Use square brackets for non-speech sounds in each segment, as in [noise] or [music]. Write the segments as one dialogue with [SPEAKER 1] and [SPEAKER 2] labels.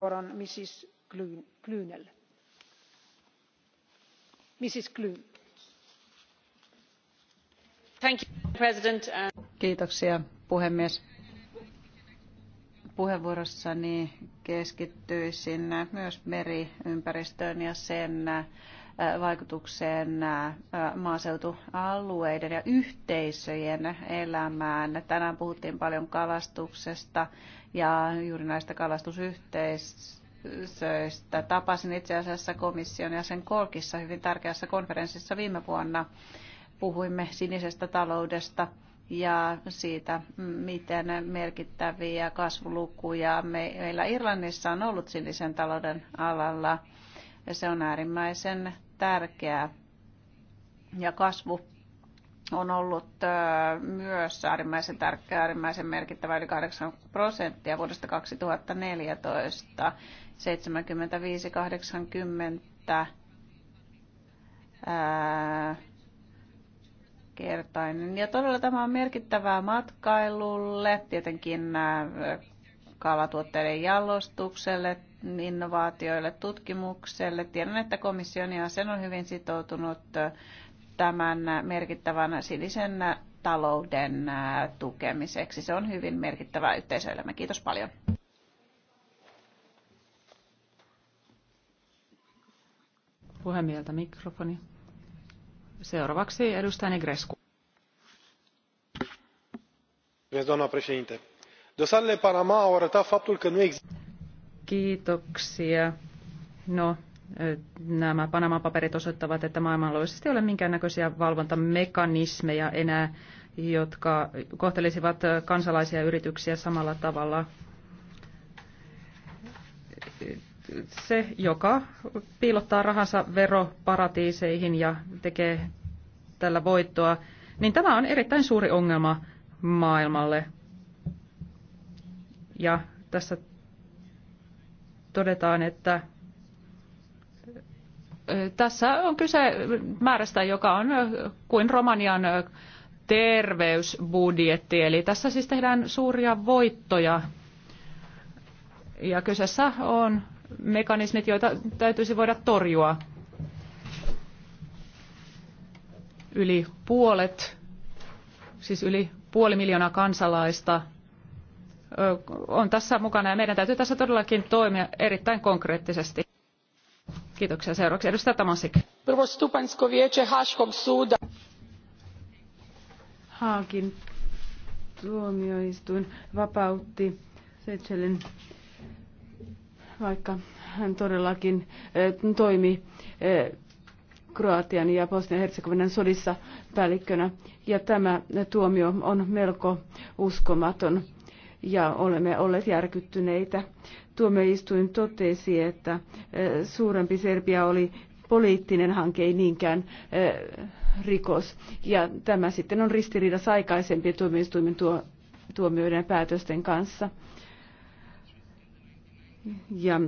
[SPEAKER 1] arvoisa puhemies puheenvuorossani keskittyisin myös meriympäristöön ja sen äh, vaikutukseen äh, maaseutualueiden ja yhteisöjen elämään. tänään puhuttiin paljon kalastuksesta ja juuri näistä kalastusyhteisöistä. Tapasin itse asiassa komission ja sen Kolkissa hyvin tärkeässä konferenssissa viime vuonna. Puhuimme sinisestä taloudesta ja siitä, miten merkittäviä kasvulukuja meillä Irlannissa on ollut sinisen talouden alalla. ja Se on äärimmäisen tärkeää. Ja kasvu on ollut äh, myös äärimmäisen tärkeä, äärimmäisen merkittävä yli 8 prosenttia vuodesta 2014. 75-80 äh, kertainen. Ja todella tämä on merkittävää matkailulle, tietenkin äh, kalatuotteiden jalostukselle, innovaatioille, tutkimukselle. Tiedän, että komission sen on hyvin sitoutunut tämän merkittävän sinisen talouden tukemiseksi. Se on hyvin merkittävä yhteisöelämä. Kiitos paljon.
[SPEAKER 2] Puhemieltä mikrofoni. Seuraavaksi edustaja Negrescu. Panama Kiitoksia. No, nämä Panaman paperit osoittavat, että maailmanlaajuisesti ei ole minkäännäköisiä valvontamekanismeja enää, jotka kohtelisivat kansalaisia yrityksiä samalla tavalla. Se, joka piilottaa rahansa veroparatiiseihin ja tekee tällä voittoa, niin tämä on erittäin suuri ongelma maailmalle. Ja tässä todetaan, että tässä on kyse määrästä, joka on kuin Romanian terveysbudjetti. Eli tässä siis tehdään suuria voittoja. Ja kyseessä on mekanismit, joita täytyisi voida torjua. Yli puolet, siis yli puoli miljoonaa kansalaista on tässä mukana ja meidän täytyy tässä todellakin toimia erittäin konkreettisesti. Kiitoksia. Seuraavaksi edustaja Tamasik.
[SPEAKER 3] Prvostupansko vijeće Haškog suda. Haakin tuomioistuin vapautti Seychellin, vaikka hän todellakin e, toimi e, Kroatian ja Bosnian-Herzegovinan sodissa päällikkönä. Ja tämä tuomio on melko uskomaton ja olemme olleet järkyttyneitä tuomioistuin totesi, että eh, suurempi Serbia oli poliittinen hanke, ei niinkään eh, rikos. Ja tämä sitten on ristiriidassa aikaisempien tuomioistuimen tuo, tuomioiden ja päätösten kanssa. Ja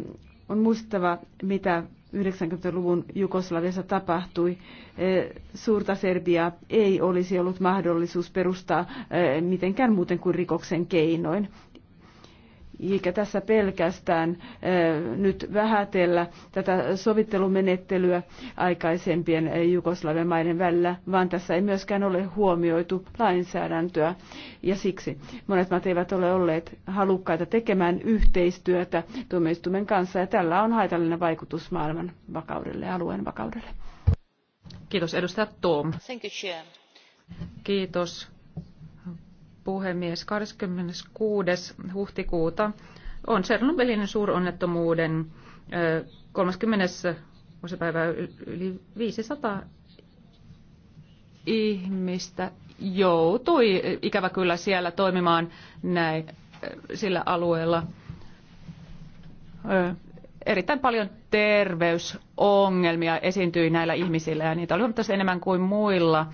[SPEAKER 3] on muistava, mitä 90-luvun Jugoslaviassa tapahtui. Eh, suurta Serbiaa ei olisi ollut mahdollisuus perustaa mitenkään muuten kuin rikoksen keinoin eikä tässä pelkästään eh, nyt vähätellä tätä sovittelumenettelyä aikaisempien eh, Jugoslavian maiden välillä, vaan tässä ei myöskään ole huomioitu lainsäädäntöä. Ja siksi monet maat eivät ole olleet halukkaita tekemään yhteistyötä tuomioistuimen kanssa, ja tällä on haitallinen vaikutus maailman vakaudelle ja alueen vakaudelle.
[SPEAKER 2] Kiitos edustaja Tom. Kiitos puhemies. 26. huhtikuuta on Tsernobylin suuronnettomuuden 30. vuosipäivä yli 500 ihmistä joutui ikävä kyllä siellä toimimaan näin, sillä alueella erittäin paljon terveysongelmia esiintyi näillä ihmisillä ja niitä oli huomattavasti enemmän kuin muilla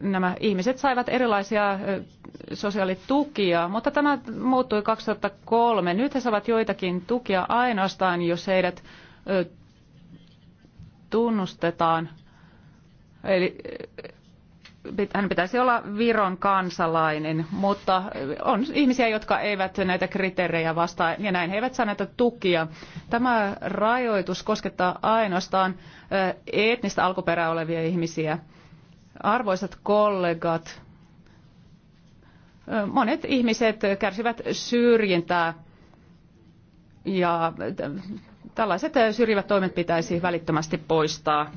[SPEAKER 2] nämä ihmiset saivat erilaisia sosiaalitukia, mutta tämä muuttui 2003. Nyt he saavat joitakin tukia ainoastaan, jos heidät tunnustetaan. Eli hän pitäisi olla Viron kansalainen, mutta on ihmisiä, jotka eivät näitä kriteerejä vastaa, ja näin he eivät saa näitä tukia. Tämä rajoitus koskettaa ainoastaan etnistä alkuperää olevia ihmisiä. Arvoisat kollegat, monet ihmiset kärsivät syrjintää ja tällaiset syrjivät toimet pitäisi välittömästi poistaa.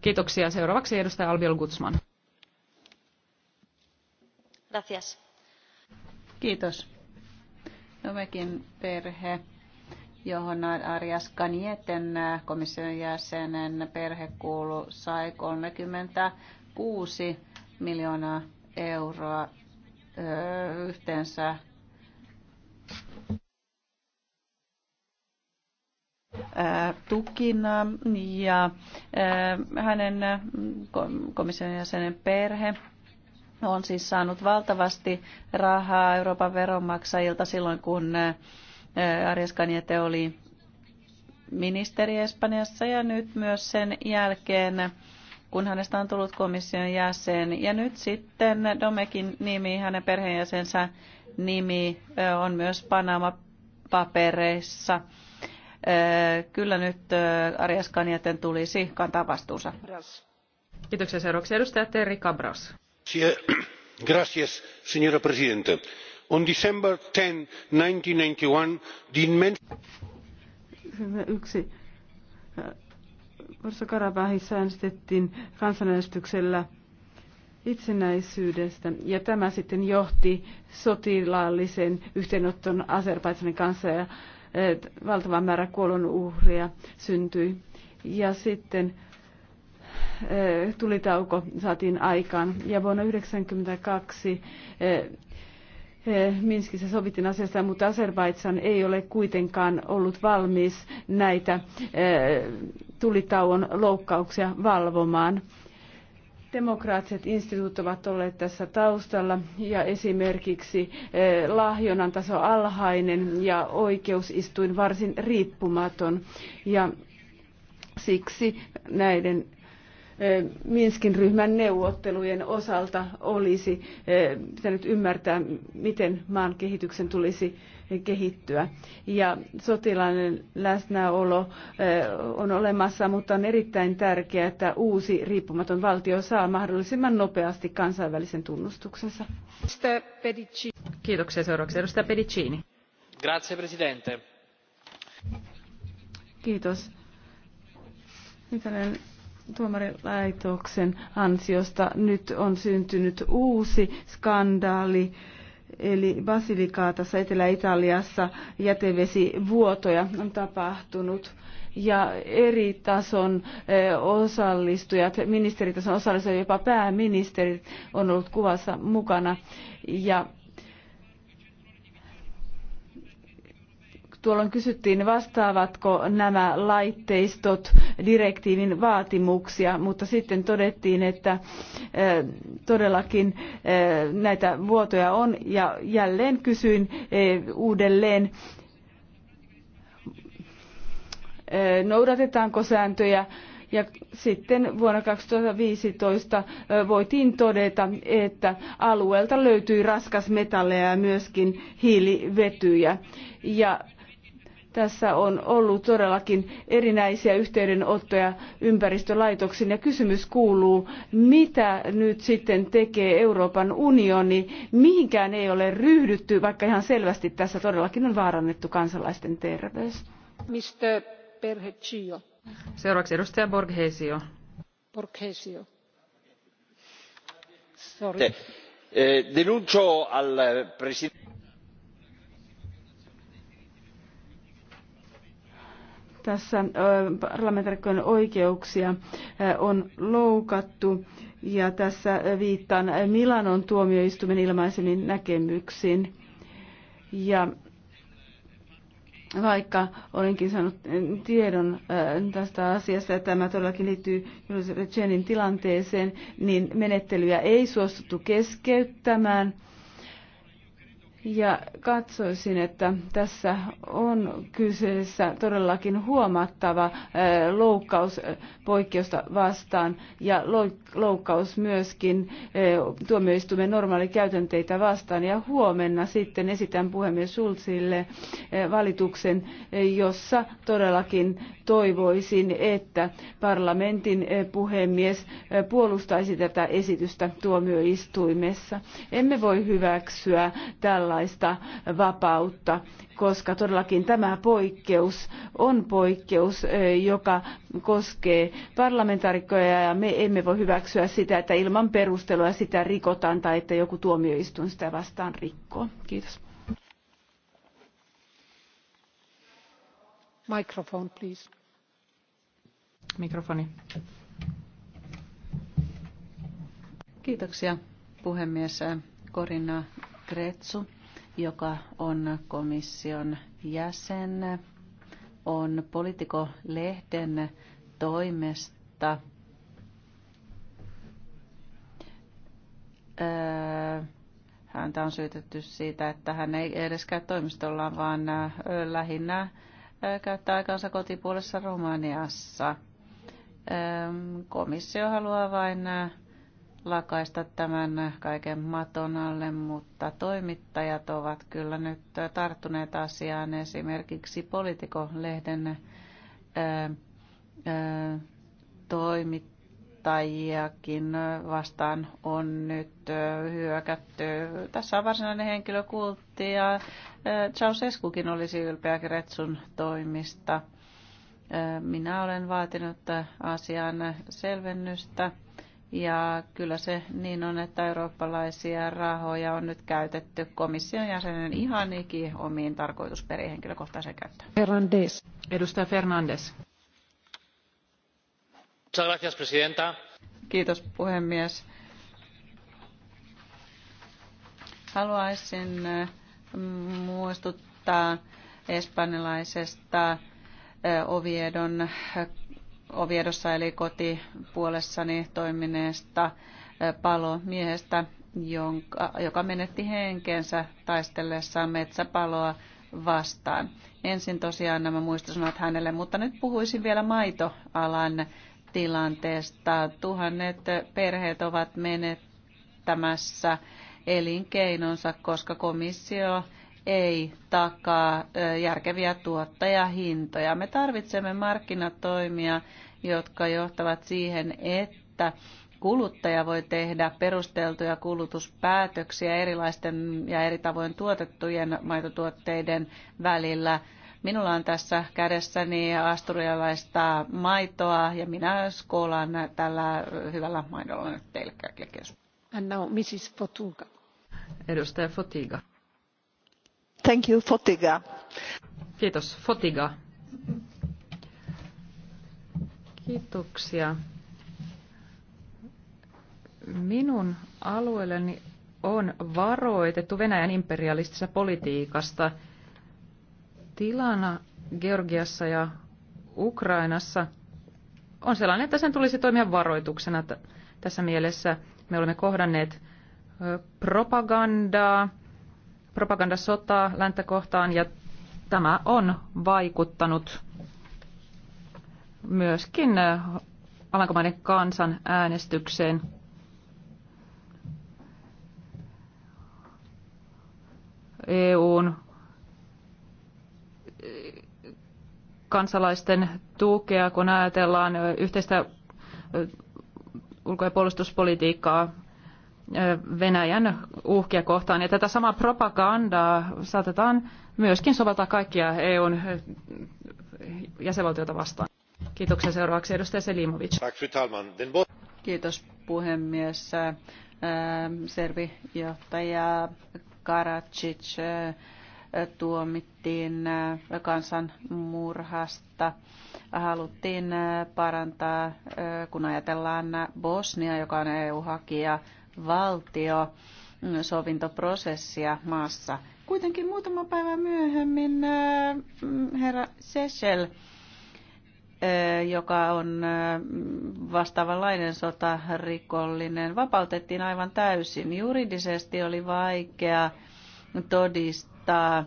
[SPEAKER 2] Kiitoksia. Seuraavaksi edustaja Albiol Gutsman.
[SPEAKER 1] Gracias. Kiitos. Nomekin perhe, johon Arias Kanieten komission jäsenen perhe kuuluu, sai 30 6 miljoonaa euroa öö, yhteensä tukina ja hänen komission jäsenen perhe on siis saanut valtavasti rahaa Euroopan veronmaksajilta silloin, kun Arias Kaniete oli ministeri Espanjassa ja nyt myös sen jälkeen kun hänestä on tullut komission jäsen. Ja nyt sitten Domekin nimi, hänen perheenjäsensä nimi on myös Panama-papereissa. Kyllä nyt Arias Kanjaten tulisi kantaa vastuunsa. Kiitoksia seuraavaksi edustaja Terri
[SPEAKER 3] Cabras. Gracias, [clears throat] señora presidente. On December 10, 1991, the immense... Yksi Vuoristokarabahissa äänestettiin kansanäänestyksellä itsenäisyydestä ja tämä sitten johti sotilaallisen yhteenotton Azerbaidsanin kanssa ja valtava määrä kuolonuhria syntyi. Ja sitten e, tulitauko saatiin aikaan ja vuonna 1992 Eh, Minskissä sovittiin asiasta, mutta Azerbaidsan ei ole kuitenkaan ollut valmis näitä eh, tulitauon loukkauksia valvomaan. Demokraattiset instituut ovat olleet tässä taustalla ja esimerkiksi eh, lahjonnan taso alhainen ja oikeusistuin varsin riippumaton. Ja siksi näiden Minskin ryhmän neuvottelujen osalta olisi pitänyt ymmärtää, miten maan kehityksen tulisi kehittyä. Ja sotilainen läsnäolo on olemassa, mutta on erittäin tärkeää, että uusi riippumaton valtio saa mahdollisimman nopeasti kansainvälisen tunnustuksensa. Kiitoksia seuraavaksi. Edustaja Pedicini. Grazie, Presidente. Kiitos. Italian tuomarilaitoksen ansiosta nyt on syntynyt uusi skandaali eli Basilikaatassa Etelä-Italiassa jätevesivuotoja on tapahtunut ja eri tason eh, osallistujat, ministeritason osallistujat, jopa pääministerit on ollut kuvassa mukana ja Tuolloin kysyttiin, vastaavatko nämä laitteistot direktiivin vaatimuksia, mutta sitten todettiin, että todellakin näitä vuotoja on. Ja jälleen kysyin uudelleen, noudatetaanko sääntöjä ja sitten vuonna 2015 voitiin todeta, että alueelta löytyi raskasmetalleja ja myöskin hiilivetyjä. Ja tässä on ollut todellakin erinäisiä yhteydenottoja ympäristölaitoksiin ja kysymys kuuluu, mitä nyt sitten tekee Euroopan unioni? Mihinkään ei ole ryhdytty, vaikka ihan selvästi tässä todellakin on vaarannettu kansalaisten terveys.
[SPEAKER 1] Mr. Perheccio.
[SPEAKER 3] Seuraavaksi edustaja Borghesio.
[SPEAKER 1] Borghesio. Sorry. Eh, denuncio al presidente
[SPEAKER 3] tässä parlamentarikkojen oikeuksia on loukattu ja tässä viittaan Milanon tuomioistuimen ilmaisemin näkemyksiin. Ja vaikka olenkin saanut tiedon tästä asiasta, ja tämä todellakin liittyy Julius tilanteeseen, niin menettelyä ei suostuttu keskeyttämään – ja katsoisin, että tässä on kyseessä todellakin huomattava äh, loukkaus äh, poikkeusta vastaan ja loukkaus myöskin äh, tuomioistuimen normaalikäytänteitä vastaan. Ja huomenna sitten esitän puhemies Schulzille valituksen, jossa todellakin toivoisin, että parlamentin puhemies puolustaisi tätä esitystä tuomioistuimessa. Emme voi hyväksyä tällä minkäänlaista vapautta, koska todellakin tämä poikkeus on poikkeus, joka koskee parlamentaarikkoja ja me emme voi hyväksyä sitä, että ilman perustelua sitä rikotaan tai että joku tuomioistuin sitä vastaan rikkoo. Kiitos. Microphone, please.
[SPEAKER 2] Mikrofoni.
[SPEAKER 1] Kiitoksia puhemies Korina Kretsu joka on komission jäsen, on politikolehden lehden toimesta häntä on syytetty siitä, että hän ei edes käy toimistollaan, vaan lähinnä käyttää aikansa kotipuolessa Romaniassa. Komissio haluaa vain lakaista tämän kaiken maton alle, mutta toimittajat ovat kyllä nyt tarttuneet asiaan esimerkiksi Politico-lehden toimittajiakin vastaan on nyt hyökätty. Tässä on varsinainen henkilökultti ja Ceausescukin olisi ylpeä Gretsun toimista. Minä olen vaatinut asiaan selvennystä ja kyllä se niin on, että eurooppalaisia rahoja on nyt käytetty komission jäsenen ihan ikin omiin tarkoitusperiin henkilökohtaiseen käyttöön.
[SPEAKER 2] Fernandes. Edustaja Fernandes. Gracias,
[SPEAKER 1] presidenta. Kiitos puhemies. Haluaisin muistuttaa espanjalaisesta Oviedon Oviedossa eli kotipuolessani toimineesta palomiehestä, jonka, joka menetti henkensä taistellessaan metsäpaloa vastaan. Ensin tosiaan nämä muistosanat hänelle, mutta nyt puhuisin vielä maitoalan tilanteesta. Tuhannet perheet ovat menettämässä elinkeinonsa, koska komissio ei takaa järkeviä tuottajahintoja. Me tarvitsemme markkinatoimia, jotka johtavat siihen, että kuluttaja voi tehdä perusteltuja kulutuspäätöksiä erilaisten ja eri tavoin tuotettujen maitotuotteiden välillä. Minulla on tässä kädessäni asturialaista maitoa ja minä skoolaan tällä hyvällä maidolla nyt teille kaikille. Kiitos.
[SPEAKER 3] Mrs. Fotuga.
[SPEAKER 1] Edustaja Fotiga.
[SPEAKER 3] Thank you, Fotiga. Kiitos, Fotiga. Kiitoksia.
[SPEAKER 2] Minun alueelleni on varoitettu Venäjän imperialistisesta politiikasta. Tilana Georgiassa ja Ukrainassa on sellainen, että sen tulisi toimia varoituksena. Tässä mielessä me olemme kohdanneet propagandaa, propagandasotaa länttä kohtaan ja tämä on vaikuttanut myöskin äh, Alankomaiden kansan äänestykseen. EUn äh, kansalaisten tukea, kun ajatellaan äh, yhteistä ulko- ja puolustuspolitiikkaa Venäjän uhkia kohtaan. Ja tätä samaa propagandaa saatetaan myöskin soveltaa kaikkia EUn
[SPEAKER 1] jäsenvaltioita vastaan. Kiitoksia seuraavaksi edustaja Selimovic. Kiitos puhemies. Servijohtaja Karacic tuomittiin kansanmurhasta. Haluttiin parantaa, kun ajatellaan Bosnia, joka on EU-hakija, valtio mm, sovintoprosessia maassa. Kuitenkin muutama päivä myöhemmin äh, mm, herra Sechel, äh, joka on äh, vastaavanlainen sotarikollinen, vapautettiin aivan täysin. Juridisesti oli vaikea todistaa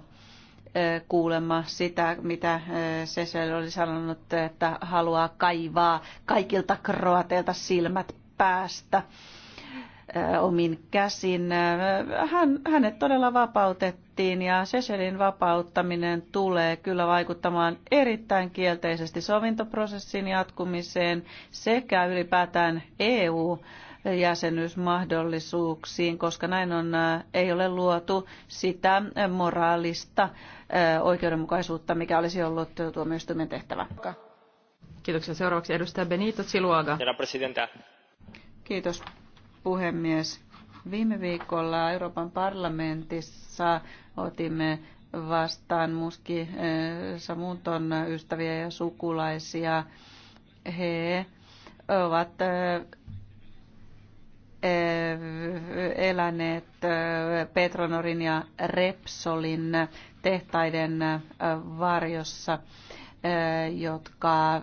[SPEAKER 1] kuulemma sitä, mitä sessel oli sanonut, että haluaa kaivaa kaikilta kroateilta silmät päästä omin käsin. Hän, hänet todella vapautettiin ja Seselin vapauttaminen tulee kyllä vaikuttamaan erittäin kielteisesti sovintoprosessin jatkumiseen sekä ylipäätään EU jäsenyysmahdollisuuksiin, koska näin on, ei ole luotu sitä moraalista oikeudenmukaisuutta, mikä olisi ollut tuomioistuimen tehtävä. Kiitoksia. Seuraavaksi edustaja Benito Siluaga. Kiitos puhemies. Viime viikolla Euroopan parlamentissa otimme vastaan muski eh, Samunton ystäviä ja sukulaisia. He ovat eh, eh, eläneet Petronorin ja Repsolin tehtaiden varjossa jotka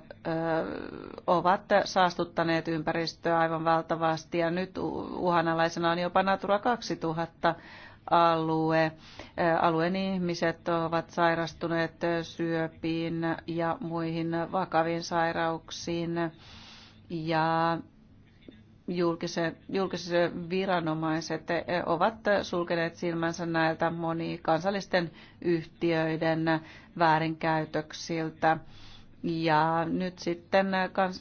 [SPEAKER 1] ovat saastuttaneet ympäristöä aivan valtavasti ja nyt uhanalaisena on jopa Natura 2000 alue. Alueen ihmiset ovat sairastuneet syöpiin ja muihin vakaviin sairauksiin ja julkisen, julkiset viranomaiset eh, ovat sulkeneet silmänsä näiltä monikansallisten yhtiöiden väärinkäytöksiltä. Ja nyt sitten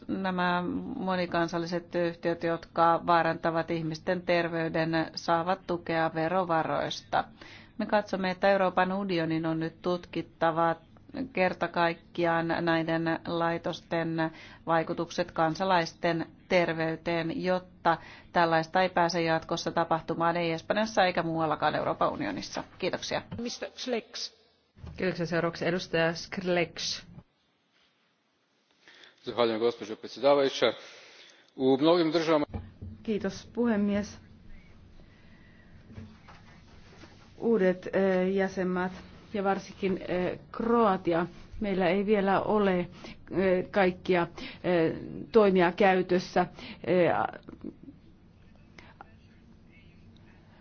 [SPEAKER 1] nämä monikansalliset yhtiöt, jotka vaarantavat ihmisten terveyden, saavat tukea verovaroista. Me katsomme, että Euroopan unionin on nyt tutkittava kerta kaikkiaan näiden laitosten vaikutukset kansalaisten terveyteen, jotta tällaista ei pääse jatkossa tapahtumaan ei Espanjassa eikä muuallakaan Euroopan unionissa. Kiitoksia. Mr. Sleks. Kiitoksia seuraavaksi edustaja
[SPEAKER 3] Skrleks. Kiitos puhemies. Uudet e, jäsenmaat ja varsinkin eh, Kroatia. Meillä ei vielä ole eh, kaikkia eh, toimia käytössä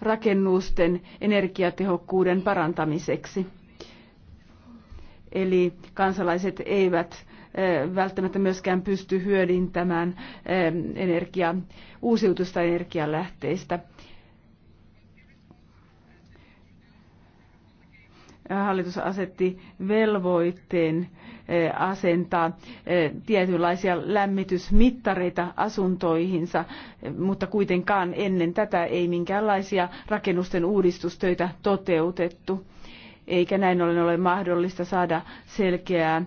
[SPEAKER 3] rakennusten energiatehokkuuden parantamiseksi. Eli kansalaiset eivät välttämättä myöskään pysty hyödyntämään energia, uusiutusta energialähteistä. hallitus asetti velvoitteen eh, asentaa eh, tietynlaisia lämmitysmittareita asuntoihinsa, eh, mutta kuitenkaan ennen tätä ei minkäänlaisia rakennusten uudistustöitä toteutettu eikä näin ollen ole mahdollista saada selkeää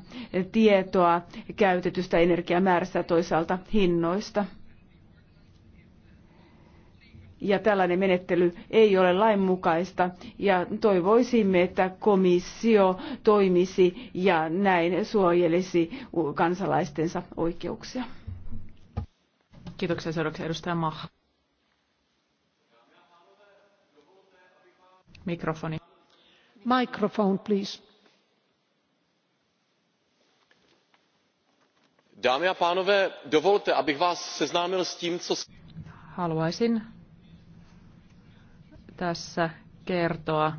[SPEAKER 3] tietoa käytetystä energiamäärästä ja toisaalta hinnoista ja tällainen menettely ei ole lainmukaista ja toivoisimme, että komissio toimisi ja näin suojelisi kansalaistensa oikeuksia. Kiitoksia seuraavaksi edustaja Maha.
[SPEAKER 2] Mikrofoni. Microphone, please.
[SPEAKER 1] Dámy a pánové, dovolte, abych vás seznámil s tím, co...
[SPEAKER 2] Haluaisin tässä kertoa,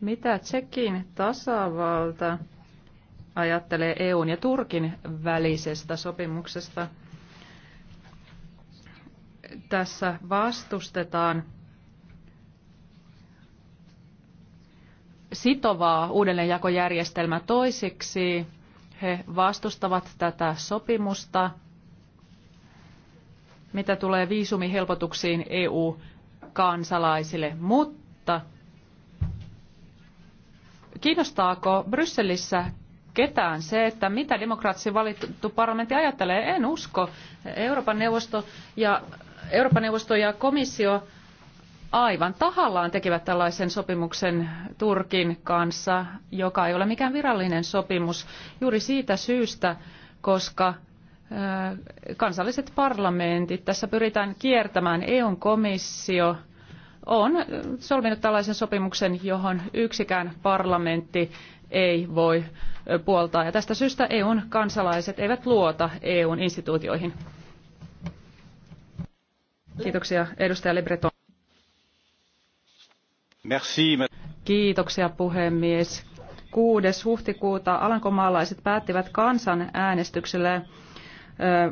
[SPEAKER 2] mitä Tsekin tasavalta ajattelee EUn ja Turkin välisestä sopimuksesta. Tässä vastustetaan sitovaa uudelleenjakojärjestelmää toisiksi. He vastustavat tätä sopimusta. Mitä tulee viisumihelpotuksiin EU kansalaisille, mutta kiinnostaako Brysselissä ketään se, että mitä demokraattisesti valittu parlamentti ajattelee. En usko. Euroopan neuvosto ja, Euroopan neuvosto ja komissio aivan tahallaan tekivät tällaisen sopimuksen Turkin kanssa, joka ei ole mikään virallinen sopimus juuri siitä syystä, koska kansalliset parlamentit. Tässä pyritään kiertämään EUn komissio on solminut tällaisen sopimuksen, johon yksikään parlamentti ei voi puoltaa. Ja tästä syystä EUn kansalaiset eivät luota EUn instituutioihin. Kiitoksia edustaja Libreton. Merci. Kiitoksia puhemies. 6. huhtikuuta alankomaalaiset päättivät kansanäänestyksellä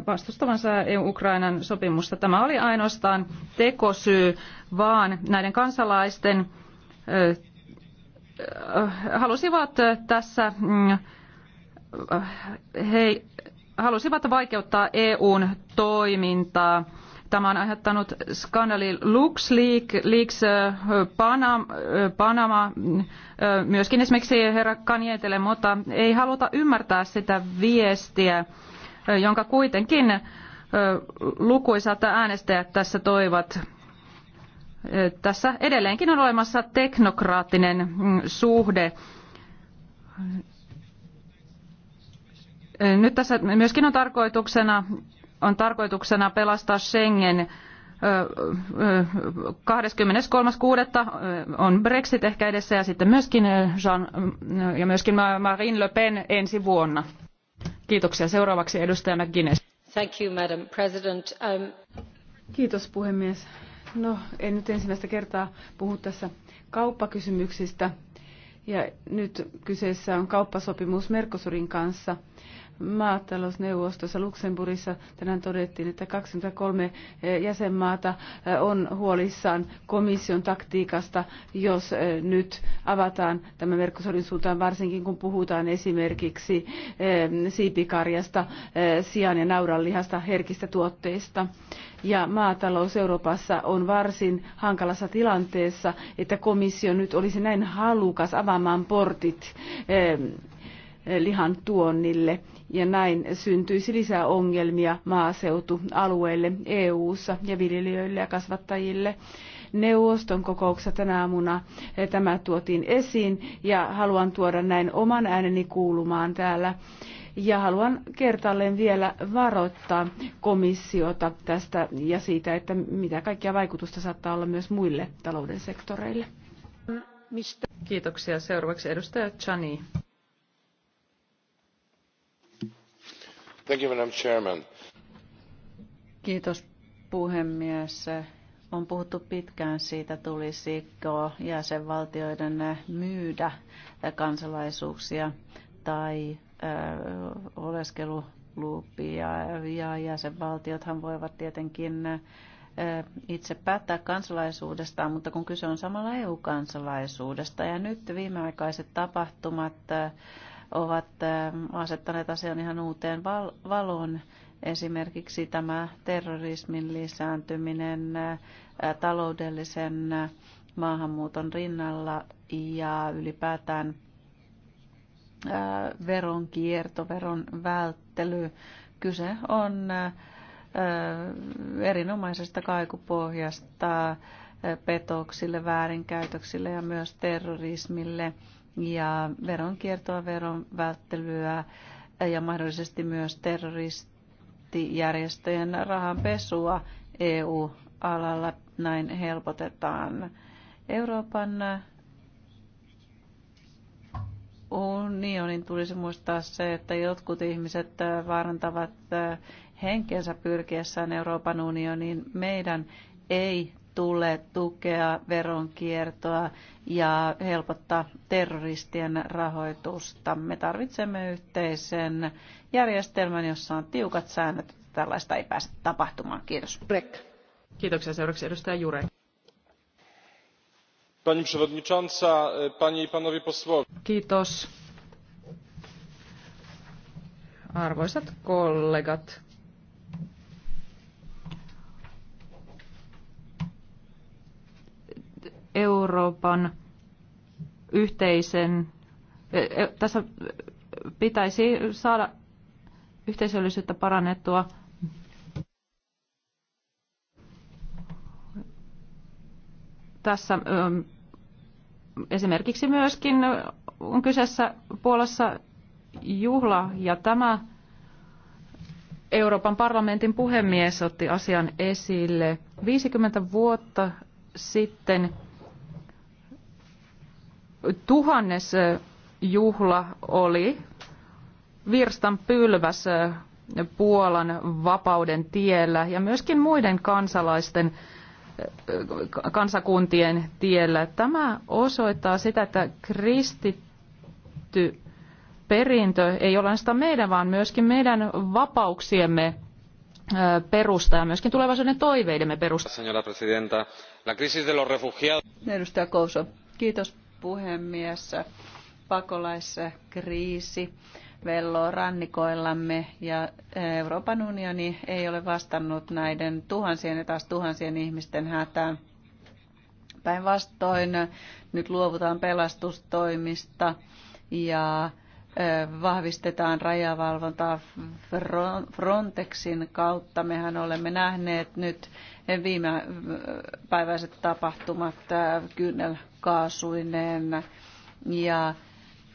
[SPEAKER 2] vastustavansa EU-Ukrainan sopimusta. Tämä oli ainoastaan tekosyy, vaan näiden kansalaisten halusivat tässä mm, he halusivat vaikeuttaa EUn toimintaa. Tämä on aiheuttanut skandaali LuxLeaks, Panama, Panama, myöskin esimerkiksi herra Kanietelle, mutta ei haluta ymmärtää sitä viestiä, jonka kuitenkin lukuisat äänestäjät tässä toivat. Tässä edelleenkin on olemassa teknokraattinen mm, suhde. Nyt tässä myöskin on tarkoituksena, on tarkoituksena pelastaa Schengen 23.6. on Brexit ehkä edessä ja sitten myöskin, Jean, ja myöskin Marine Le Pen ensi vuonna. Kiitoksia. Seuraavaksi edustaja McGuinness.
[SPEAKER 3] Thank you, Madam
[SPEAKER 1] President.
[SPEAKER 3] Um... Kiitos puhemies. No, en nyt ensimmäistä kertaa puhu tässä kauppakysymyksistä. Ja nyt kyseessä on kauppasopimus Mercosurin kanssa maatalousneuvostossa Luxemburgissa tänään todettiin, että 23 eh, jäsenmaata eh, on huolissaan komission taktiikasta, jos eh, nyt avataan tämä verkkosolin suuntaan, varsinkin kun puhutaan esimerkiksi siipikarjasta, sian ja nauranlihasta, herkistä tuotteista. Ja maatalous Euroopassa on varsin hankalassa tilanteessa, että komissio nyt olisi näin halukas avaamaan portit lihan tuonnille ja näin syntyisi lisää ongelmia maaseutualueille EU-ssa ja viljelijöille ja kasvattajille. Neuvoston kokouksessa tänä aamuna eh, tämä tuotiin esiin ja haluan tuoda näin oman ääneni kuulumaan täällä. Ja haluan kertaalleen vielä varoittaa komissiota tästä ja siitä, että mitä kaikkia vaikutusta saattaa olla myös muille talouden sektoreille.
[SPEAKER 2] Kiitoksia. Seuraavaksi edustaja Chani.
[SPEAKER 1] Kiitos puhemies. On puhuttu pitkään siitä, tulisiko jäsenvaltioiden myydä kansalaisuuksia tai oleskelulupia. Ja jäsenvaltiothan voivat tietenkin itse päättää kansalaisuudestaan, mutta kun kyse on samalla EU-kansalaisuudesta ja nyt viimeaikaiset tapahtumat ovat ähm, asettaneet asian ihan uuteen val- valoon. Esimerkiksi tämä terrorismin lisääntyminen äh, taloudellisen äh, maahanmuuton rinnalla ja ylipäätään äh, veronkierto, veron välttely. Kyse on erinomaisesta kaikupohjasta petoksille, väärinkäytöksille ja myös terrorismille – ja veronkiertoa, veron välttelyä ja mahdollisesti myös terroristijärjestöjen rahanpesua EU-alalla näin helpotetaan. Euroopan unionin tulisi muistaa se, että jotkut ihmiset vaarantavat henkensä pyrkiessään Euroopan unioniin. Meidän ei Tulee tukea veronkiertoa ja helpottaa terroristien rahoitusta. Me tarvitsemme yhteisen järjestelmän, jossa on tiukat säännöt, tällaista ei pääse tapahtumaan. Kiitos. Brek. Kiitoksia seuraavaksi edustaja Jure.
[SPEAKER 3] Pani
[SPEAKER 2] przewodnicząca, panie i panowie posłowie. Kiitos. Arvoisat kollegat, Euroopan yhteisen, e, e, tässä pitäisi saada yhteisöllisyyttä parannettua. Tässä esimerkiksi myöskin on kyseessä Puolassa juhla ja tämä Euroopan parlamentin puhemies otti asian esille 50 vuotta sitten tuhannes juhla oli virstan pylväs Puolan vapauden tiellä ja myöskin muiden kansalaisten kansakuntien tiellä. Tämä osoittaa sitä, että kristitty perintö ei ole sitä meidän, vaan myöskin meidän vapauksiemme perusta ja myöskin
[SPEAKER 1] tulevaisuuden toiveidemme perusta. Edustaja Kouso, kiitos puhemies. Pakolaiskriisi velloo rannikoillamme ja Euroopan unioni ei ole vastannut näiden tuhansien ja taas tuhansien ihmisten hätään. Päinvastoin nyt luovutaan pelastustoimista ja vahvistetaan rajavalvontaa Frontexin kautta. Mehän olemme nähneet nyt, viimepäiväiset tapahtumat äh, kynnelkaasuineen. ja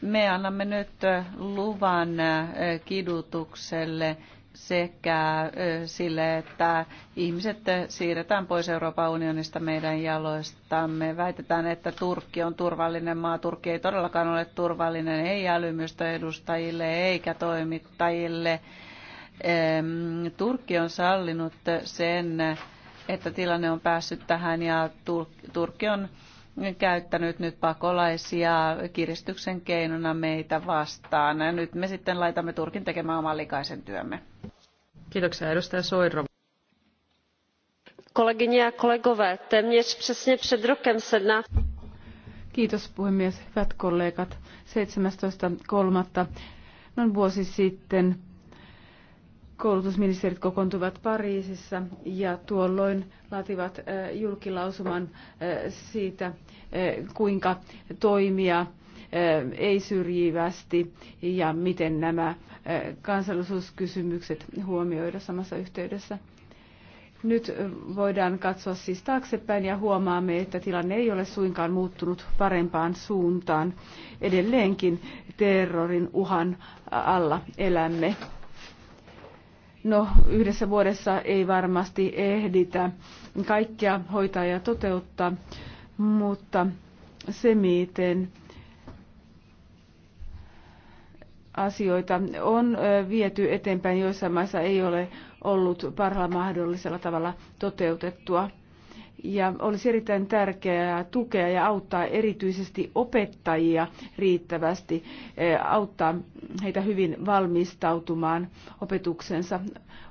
[SPEAKER 1] me annamme nyt äh, luvan äh, kidutukselle sekä sille, että ihmiset siirretään pois Euroopan unionista meidän jaloistamme. Väitetään, että Turkki on turvallinen maa. Turkki ei todellakaan ole turvallinen, ei älymystöedustajille eikä toimittajille. Turkki on sallinut sen, että tilanne on päässyt tähän ja Turkki on käyttänyt nyt pakolaisia kiristyksen keinona meitä vastaan. Ja nyt me sitten laitamme Turkin tekemään oman likaisen työmme. Kiitoksia edustaja Soiro. ja kollegove, te mies, přesně před rokem sedna.
[SPEAKER 3] Kiitos puhemies, hyvät kollegat. 17.3. noin vuosi sitten koulutusministerit kokoontuvat Pariisissa ja tuolloin laativat julkilausuman siitä, kuinka toimia ei syrjivästi ja miten nämä kansallisuuskysymykset huomioida samassa yhteydessä. Nyt voidaan katsoa siis taaksepäin ja huomaamme, että tilanne ei ole suinkaan muuttunut parempaan suuntaan. Edelleenkin terrorin uhan alla elämme No, yhdessä vuodessa ei varmasti ehditä kaikkia hoitaa ja toteuttaa, mutta se miten asioita on viety eteenpäin, joissain maissa ei ole ollut parhaalla mahdollisella tavalla toteutettua ja olisi erittäin tärkeää tukea ja auttaa erityisesti opettajia riittävästi, eh, auttaa heitä hyvin valmistautumaan opetuksensa.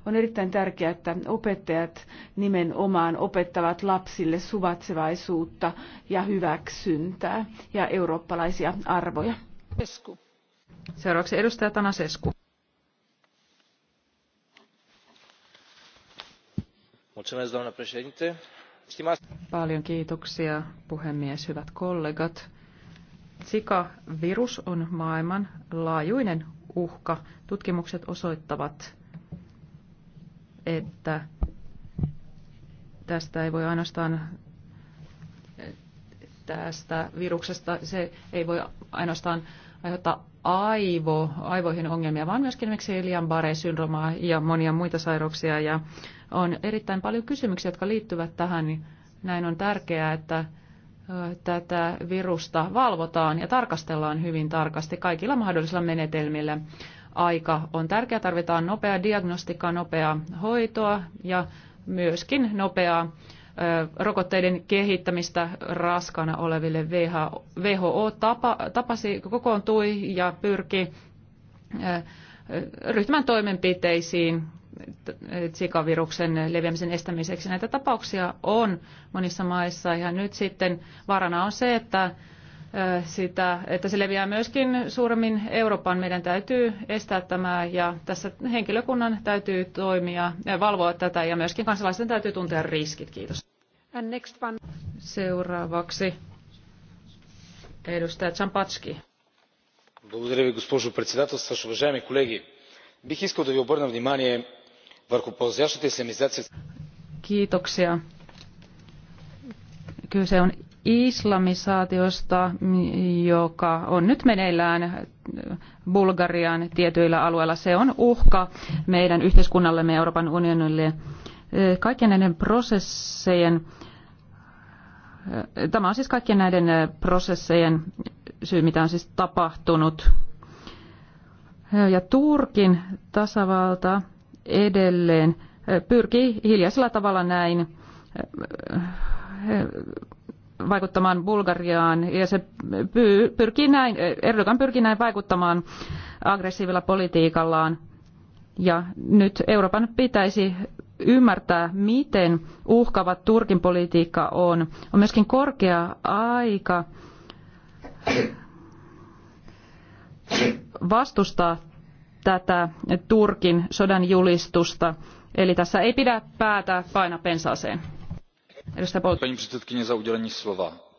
[SPEAKER 3] On erittäin tärkeää, että opettajat nimenomaan opettavat lapsille suvatsevaisuutta ja hyväksyntää ja eurooppalaisia arvoja. Esku. Seuraavaksi edustaja
[SPEAKER 2] Tanasesku.
[SPEAKER 1] Mulțumesc, doamnă președinte
[SPEAKER 2] Paljon kiitoksia, puhemies, hyvät kollegat. Sika-virus on maailman laajuinen uhka. Tutkimukset osoittavat, että tästä ei voi ainoastaan tästä viruksesta, se ei voi ainoastaan aiheuttaa aivo, aivoihin ongelmia, vaan myöskin esimerkiksi liian syndromaa ja monia muita sairauksia. Ja on erittäin paljon kysymyksiä, jotka liittyvät tähän. niin Näin on tärkeää, että tätä virusta valvotaan ja tarkastellaan hyvin tarkasti kaikilla mahdollisilla menetelmillä. Aika on tärkeää, tarvitaan nopeaa diagnostiikkaa, nopeaa hoitoa ja myöskin nopeaa rokotteiden kehittämistä raskaana oleville. WHO tapasi, kokoontui ja pyrki ryhtymään toimenpiteisiin sikaviruksen leviämisen estämiseksi. Näitä tapauksia on monissa maissa ja nyt sitten varana on se, että sitä, että se leviää myöskin suuremmin Euroopan. Meidän täytyy estää tämä ja tässä henkilökunnan täytyy toimia ja valvoa tätä ja myöskin kansalaisten täytyy tuntea riskit. Kiitos. And next one. Seuraavaksi edustaja Champatski.
[SPEAKER 1] Благодаря ви, госпожо председателстващ. Уважаеми колеги, бих искал да ви обърна внимание върху ползящата ислямизация.
[SPEAKER 2] Kiitoksia. Kyse on islamisaatiosta, joka on nyt meneillään Bulgarian tietyillä alueilla. Se on uhka meidän yhteiskunnallemme ja Euroopan unionille. Kaikkien näiden prosessejen, tämä on siis kaikkien näiden prosessejen syy, mitä on siis tapahtunut. Ja Turkin tasavalta edelleen pyrkii hiljaisella tavalla näin vaikuttamaan Bulgariaan ja se pyrkii näin, Erdogan pyrkii näin vaikuttamaan aggressiivilla politiikallaan. Ja nyt Euroopan pitäisi ymmärtää, miten uhkava Turkin politiikka on. On myöskin korkea aika vastustaa tätä Turkin sodan julistusta. Eli tässä ei pidä päätä
[SPEAKER 3] paina pensaaseen
[SPEAKER 2] paní předsedající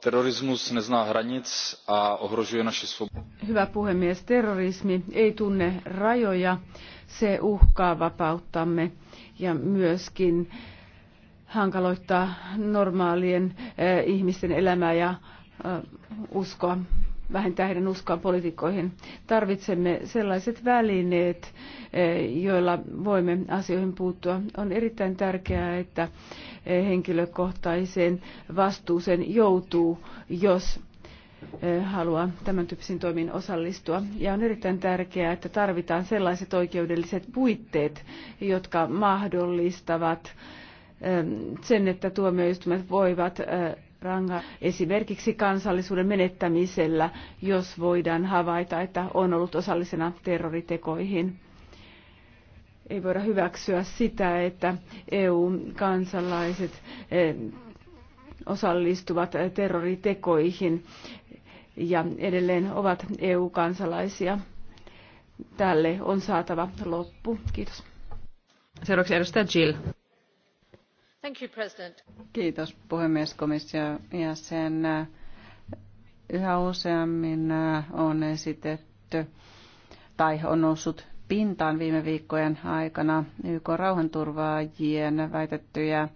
[SPEAKER 2] terorismus nezná hranic a ohrožuje naši svobodu.
[SPEAKER 3] hyvä puhemies terrorismi ei tunne rajoja se uhkaa vapauttamme ja myöskin hankaloittaa normaalien eh, ihmisten elämää ja eh, uskoa vähentää heidän uskoa poliitikkoihin. Tarvitsemme sellaiset välineet, eh, joilla voimme asioihin puuttua. On erittäin tärkeää, että henkilökohtaiseen vastuuseen joutuu, jos eh, haluaa tämän tyyppisiin toimiin osallistua. Ja on erittäin tärkeää, että tarvitaan sellaiset oikeudelliset puitteet, jotka mahdollistavat eh, sen, että tuomioistuimet voivat eh, ranga esimerkiksi kansallisuuden menettämisellä, jos voidaan havaita, että on ollut osallisena terroritekoihin ei voida hyväksyä sitä, että EU-kansalaiset eh, osallistuvat terroritekoihin ja edelleen ovat EU-kansalaisia. Tälle on saatava loppu. Kiitos.
[SPEAKER 1] Seuraavaksi edustaja Jill. Thank you, President. Kiitos puhemies ja jäsen. Yhä useammin on esitetty tai on noussut pintaan viime viikkojen aikana YK rauhanturvaajien väitettyjä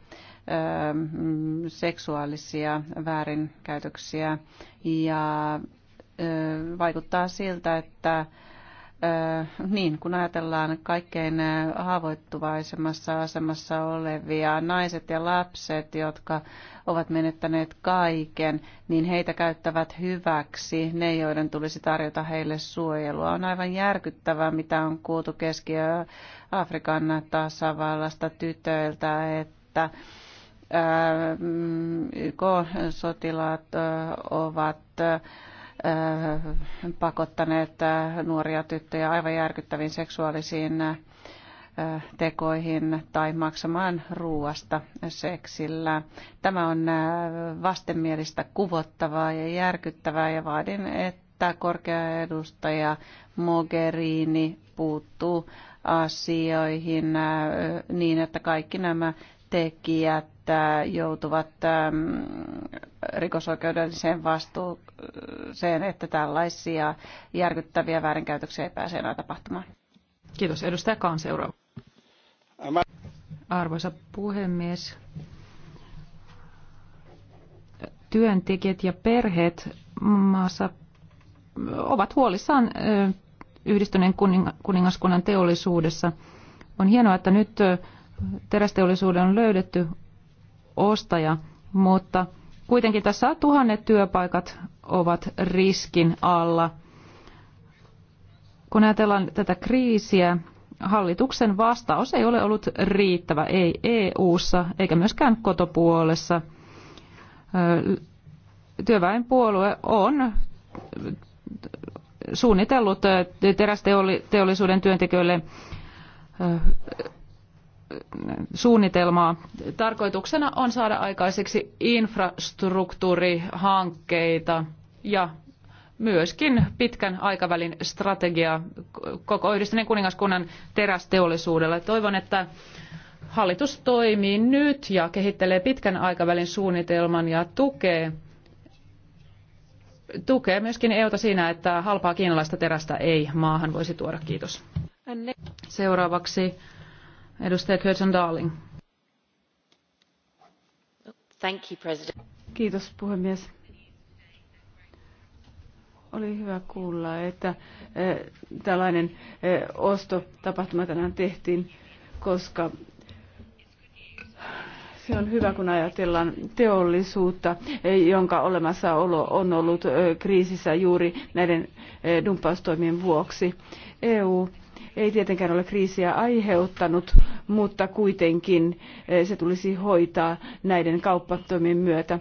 [SPEAKER 1] seksuaalisia väärinkäytöksiä ja vaikuttaa siltä, että niin, kun ajatellaan kaikkein haavoittuvaisemmassa asemassa olevia naiset ja lapset, jotka ovat menettäneet kaiken, niin heitä käyttävät hyväksi ne, joiden tulisi tarjota heille suojelua. On aivan järkyttävää, mitä on kuultu Keski-Afrikan tasavallasta tytöiltä, että mm, YK-sotilaat ovat Äh, pakottaneet äh, nuoria tyttöjä aivan järkyttäviin seksuaalisiin äh, tekoihin tai maksamaan ruuasta seksillä. Tämä on vastenmielistä, kuvottavaa ja järkyttävää ja vaadin, että korkea edustaja Mogherini puuttuu asioihin niin, että kaikki nämä tekijät äh, joutuvat ähm, rikosoikeudelliseen vastuuseen, että tällaisia järkyttäviä väärinkäytöksiä ei pääse enää tapahtumaan.
[SPEAKER 2] Kiitos. Edustaja Kaan seuraava. Arvoisa puhemies, työntekijät ja perheet maassa ovat huolissaan yhdistyneen kuningaskunnan teollisuudessa. On hienoa, että nyt terästeollisuuden on löydetty ostaja, mutta kuitenkin tässä tuhannet työpaikat ovat riskin alla. Kun ajatellaan tätä kriisiä, hallituksen vastaus ei ole ollut riittävä, ei EU-ssa eikä myöskään kotopuolessa. Työväenpuolue on suunnitellut terästeollisuuden työntekijöille suunnitelmaa. Tarkoituksena on saada aikaiseksi infrastruktuurihankkeita ja myöskin pitkän aikavälin strategia koko yhdistyneen kuningaskunnan terästeollisuudelle. Toivon, että hallitus toimii nyt ja kehittelee pitkän aikavälin suunnitelman ja tukee, tukee myöskin EUta siinä, että halpaa kiinalaista terästä ei maahan voisi tuoda. Kiitos. Seuraavaksi Edustaja Darling. Thank you, President.
[SPEAKER 3] Kiitos puhemies. Oli hyvä kuulla, että eh, tällainen eh, ostotapahtuma tänään tehtiin, koska se on hyvä, kun ajatellaan teollisuutta, eh, jonka olemassaolo on ollut kriisissä juuri näiden dumppaustoimien vuoksi. EU ei tietenkään ole kriisiä aiheuttanut, mutta kuitenkin eh, se tulisi hoitaa näiden kauppatoimien myötä.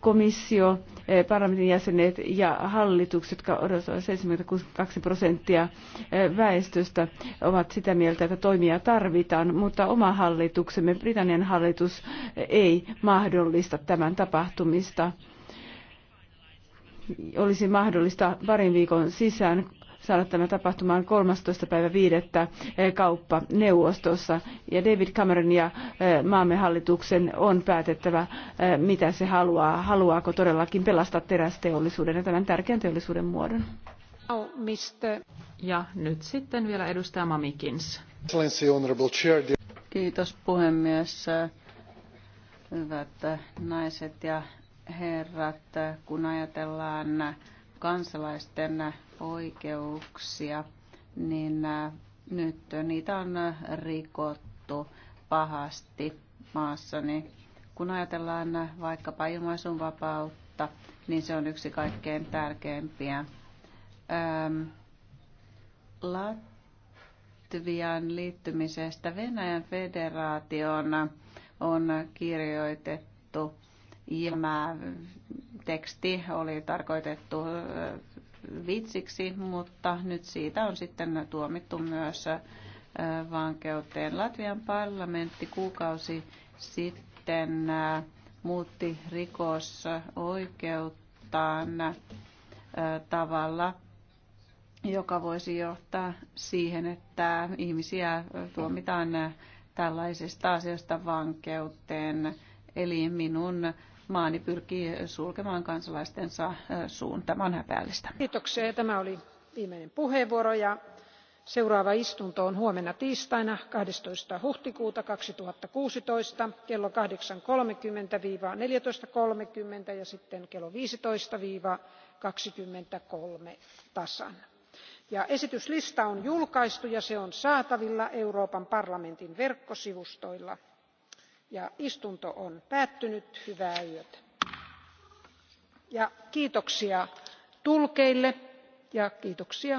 [SPEAKER 3] Komissio, eh, parlamentin jäsenet ja hallitukset, jotka odottavat 72 prosenttia eh, väestöstä, ovat sitä mieltä, että toimia tarvitaan, mutta oma hallituksemme, Britannian hallitus, ei mahdollista tämän tapahtumista olisi mahdollista parin viikon sisään saada tämä tapahtumaan 13. päivä 5. Eh, kauppaneuvostossa. Ja David Cameron ja eh, maamme hallituksen on päätettävä, eh, mitä se haluaa. Haluaako todellakin pelastaa terästeollisuuden ja tämän tärkeän teollisuuden muodon?
[SPEAKER 2] Ja nyt sitten vielä
[SPEAKER 1] edustaja Mamikins. Kiitos puhemies. Hyvät naiset ja herrat, kun ajatellaan kansalaisten oikeuksia, niin äh, nyt niitä on rikottu pahasti niin Kun ajatellaan äh, vaikkapa ilmaisunvapautta, niin se on yksi kaikkein tärkeimpiä. Ähm, Latvian liittymisestä Venäjän federaationa on kirjoitettu ja teksti oli tarkoitettu äh, vitsiksi, mutta nyt siitä on sitten tuomittu myös äh, vankeuteen. Latvian parlamentti kuukausi sitten äh, muutti rikosoikeuttaan äh, tavalla, joka voisi johtaa siihen, että ihmisiä tuomitaan tällaisesta asiasta vankeuteen. Eli minun maani pyrkii sulkemaan kansalaistensa äh, suun. Tämä on häpeällistä. Kiitoksia.
[SPEAKER 2] Tämä oli viimeinen puheenvuoro ja seuraava
[SPEAKER 1] istunto on huomenna tiistaina 12. huhtikuuta 2016 kello 8.30 1430 ja sitten kello 15 23 tasan. Ja esityslista on julkaistu ja se on saatavilla euroopan parlamentin verkkosivustoilla ja istunto on päättynyt hyvää yötä ja kiitoksia
[SPEAKER 2] tulkeille ja kiitoksia